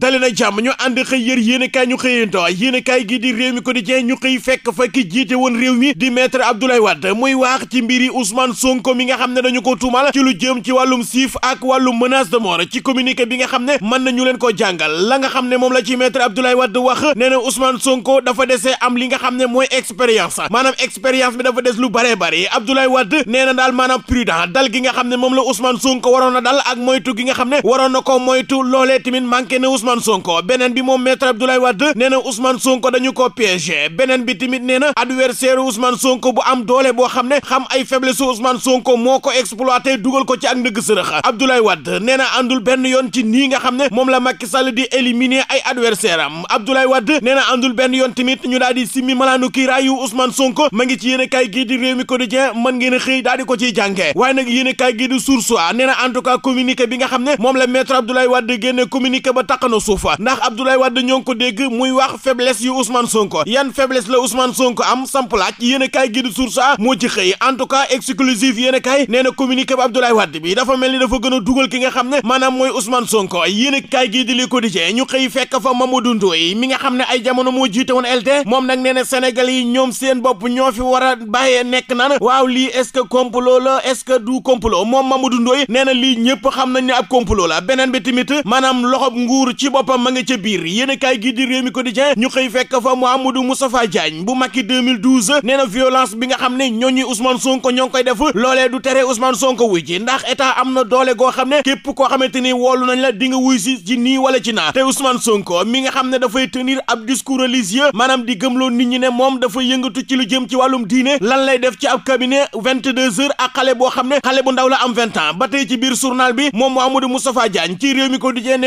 dali na jàmm ñu ànd xëy yër yéenekaay ñu xëyantoo yéenekaay gi di réew mi quotidien ñu xëy fekk fa ki jiite woon réew mi di maître Abdoulaye Wade muy waax ci mbiri Ousmane Sonko mi nga xam ne dañu ko tuumal ci lu jëm ci wàllum siif ak wàllum menace de mort ci communiqué bi nga xam ne mën nañu leen ko jàngal la nga xam ne moom la ci maître Abdoulaye Wade wax nee na Ousmane Sonko dafa dese am li nga xam ne mooy expérience maanaam expérience bi dafa des lu bare bare Abdoulaye Wade nee na daal maanaam prudent dal gi nga xam ne moom la Ousmane Sonko waroon na dal ak moytu gi nga xam ne waroon na ko moytu loolee tamit manqué na Ousmane Ousmane Sonko beneen bi moom maître Abdoulaye Wade nee na Ousmane Sonko dañu ko piégé beneen bi tamit nee na adversaire Ousmane Sonko bu am doole boo xam ne xam ay faiblesse Ousmane Sonko moo ko exploité dugal ko ci ak ndëgg sërëx Abdoulaye Wade nee na àndul benn yoon ci nii nga xam ne moom la Macky Sall di éliminer ay adversaire am Abdoulaye Wade nee benn yoon tamit ñu daal simmi malaanu kiiraayu Ousmane Sonko ma ngi ci yéen a kaay réew mi a xëy daal ko di source nga xam ne moom la maître na suufa ndax Abdoulaye Wade ñoo ko dégg muy wax faiblesse yu Ousmane Sonko yan faiblesse la Ousmane Sonko am samplaaj yéen a kaay gi di a moo ci xëy en tout cas exclusif yéen a kaay nee bi dafa mel ni dafa gën a dugal nga xam ne maanaam mooy Ousmane Sonko yéen a kaay gi di Le ñu xëy fekk fa Mamadou Ndoye mi nga xam ne ay jamono moo jiite woon LD moom nag nee na yi ñoom seen bopp ñoo fi war nekk naan waaw lii est-ce ci boppam ma nga ca biir yéenekaay gi di Rewmi Quotidien ñu xëy fekk fa xam ne ñooñu Ousmane Sonko ñoo ngi koy def loolee du tere Ousmane Sonko wuy ji ndax état am na doole goo xam ne képp koo xamante ni woolu nañ la di nga wuy si ci nii wala ci naa te Ousmane Sonko mi nga xam ne dafay tenir ab discours religieux maanaam di lan lay def ci ab cabinet 22 heures ak boo xam ne xale bu ndaw la am 20 ans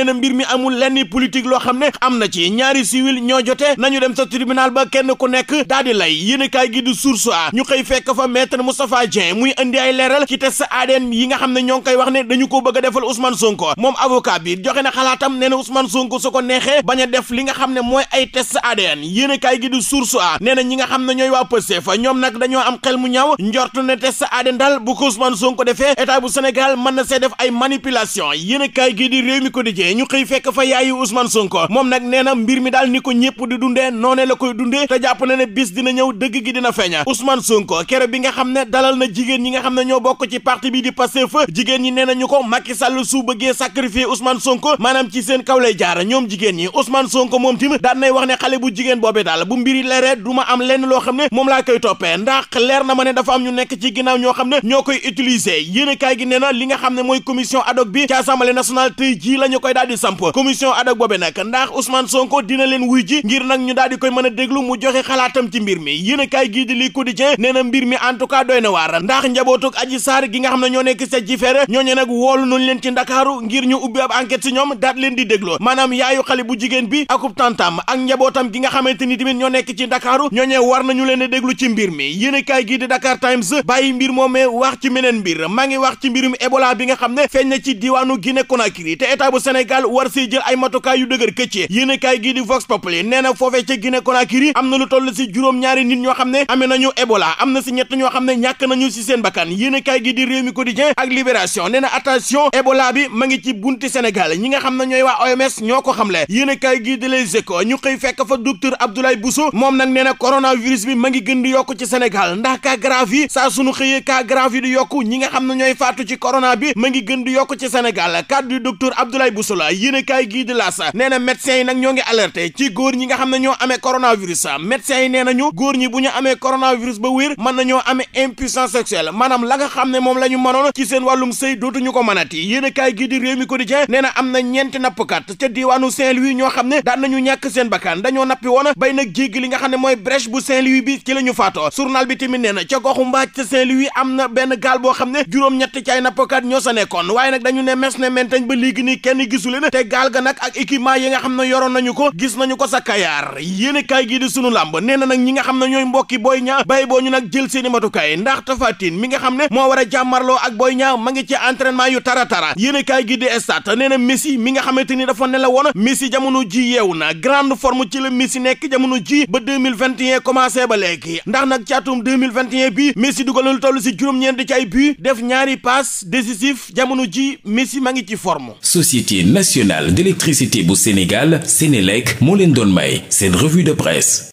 mbir mi amul lenn politique loo xam ne am na ci ñaari civil ñoo jotee nañu dem sa tribunal ba kenn ku nekk daal di lay yéenekaay gi di xëy fekk fa maître Moustapha Dieng muy indi ay leeral ci test yi nga xam ne ñoo ngi koy wax ne dañu ko bëgg a defal Ousmane Sonko moom avocat bi joxe na xalaatam nee na Ousmane Sonko su ko neexee a def li nga xam ne mooy ay test ADN yéenekaay gi di Source A nee na ñi nga xam ne ñooy waa Pastef ñoom nag dañoo am xel mu ñaaw njort ne test ADN daal bu ko Ousmane Sonko defee état bu Sénégal mën na see def ay manipulation yéenekaay gi di Rewmi Quotidien ñu xëy fekk fa yaayu Ousmane Sonko moom nag nee na mbir mi daal ni ko ñëpp di dundee noonee la koy dundee te jàpp na ne bis dina ñëw dëgg gi dina feeña son Sonko kere bi nga xam ne dalal na jigéen ñi nga xam ne ñoo bokk ci parti bi di Pastef jigéen ñi nee nañu ko Macky Sall su bëggee sacrifier Ousmane Sonko maanaam ci seen kaw lay jaar ñoom jigéen ñi Ousmane Sonko moom tim daa nay wax ne xale bu jigéen boobe daal bu mbiri leeree du ma am lenn loo xam ne moom laa koy toppee ndax leer na ma ne dafa am ñu nekk ci ginnaaw ñoo xam ne ñoo koy utiliser na li nga xam ne mooy commission ad hoc bi ci assemblée nationale tey jii la ñu koy daal di commission ad hoc boobe nag ndax Ousmane dina leen wuy ji ngir nag ñu daal di koy mën a déglu mu joxe xalaatam ci mbir mi yéen a kaay gii di li quotidien nee na mbir mi en tout cas doy na waar ndax njabootug aji saar gi nga xam ne ñoo nekk sa ji fere ñooñu nag woolu nañ leen ci ndakaaru ngir ñu ubbi ab enquête si ñoom daat leen di dégloo maanaam yaayu xale bu jigéen bi akub tantam ak njabootam gi nga xamante ni tamit ñoo nekk ci ndakaaru ñooñee war nañu leen a déglu ci mbir mi yéen a kaay gii di Dakar Times bàyyi mbir moomee wax ci meneen mbir maa ngi wax ci mbir mbirum Ebola bi nga xam ne feeñ na ci diwaanu Guinée Conakry te état bu Sénégal war ay matukaay yu dëgër këccee yéen a kaay gii di Vox Populi nee na foofee ca Guinée am na lu toll si juróom-ñaari nit ñoo xam ne amee nañu Ebola am na si ñett ñoo xam ne ñàkk nañu si seen bakkan yéen a kaay gii di Rewmi ak Libération nee na attention Ebola bi ma ngi ci bunti Sénégal ñi nga xam na ñooy waa OMS ñoo ko xamle yéen a kaay gii di Les Échos ñu xëy fekk fa docteur Abdoulaye Bousso moom nag nee na coronavirus bi ma ngi gën di yokk ci Sénégal ndax cas grave yi saa sunu xëyee cas grave di yokku ñi nga xam ne ñooy faatu ci corona bi ma ngi gën yokk ci Sénégal kàddu docteur Abdoulaye Bousso la yéen a kaay gi kii di yi nag ñoo ngi alerté ci góor ñi nga xam ne ñoo amee coronavirus médecins yi nee nañu góor ñi bu ñu amee coronavirus ba wér mën nañoo amee impuissance sexuelle maanaam la nga xam ne moom la ñu ci seen wàllum sëy dootuñu ko mënati yéen a kaay gii di réew mi quotidien nee na am na ñeenti nappkat ca diiwaanu Saint-Louis ñoo xam ne daan nañu ñàkk seen bakkan dañoo nappi woon bay nag jéggi li nga xam ne mooy brèche bu Saint-Louis bi la ñu faatoo journal bi ci nag ak équipement yi nga xam ne yoroon nañu ko gis nañu ko sa kayaar yéene kaay gii di sunu làmb nee na nag nga xam ne ñooy mbokki Boy Niang bay boo ñu nag jël seeni matukaay ndax Tapha Tine mi nga xam ne moo war a jàmmarloo ak Boy Niang ma ngi ci entraînement yu tara tara yéene kaay gii di stade na xamante ni dafa ne la woon Messi jamono ji yeewu na grande forme ci la Messi nekk jamono ji ba 2021 commencé ba léegi ndax nag ci atum 2021 bi Messi toll si juróom-ñeent ci ay but def ñaari passe décisif jamono ji Messi ma ngi ci forme Société nationale de électricité bu Sénégal Sénélec moo leen doon may seen revue de presse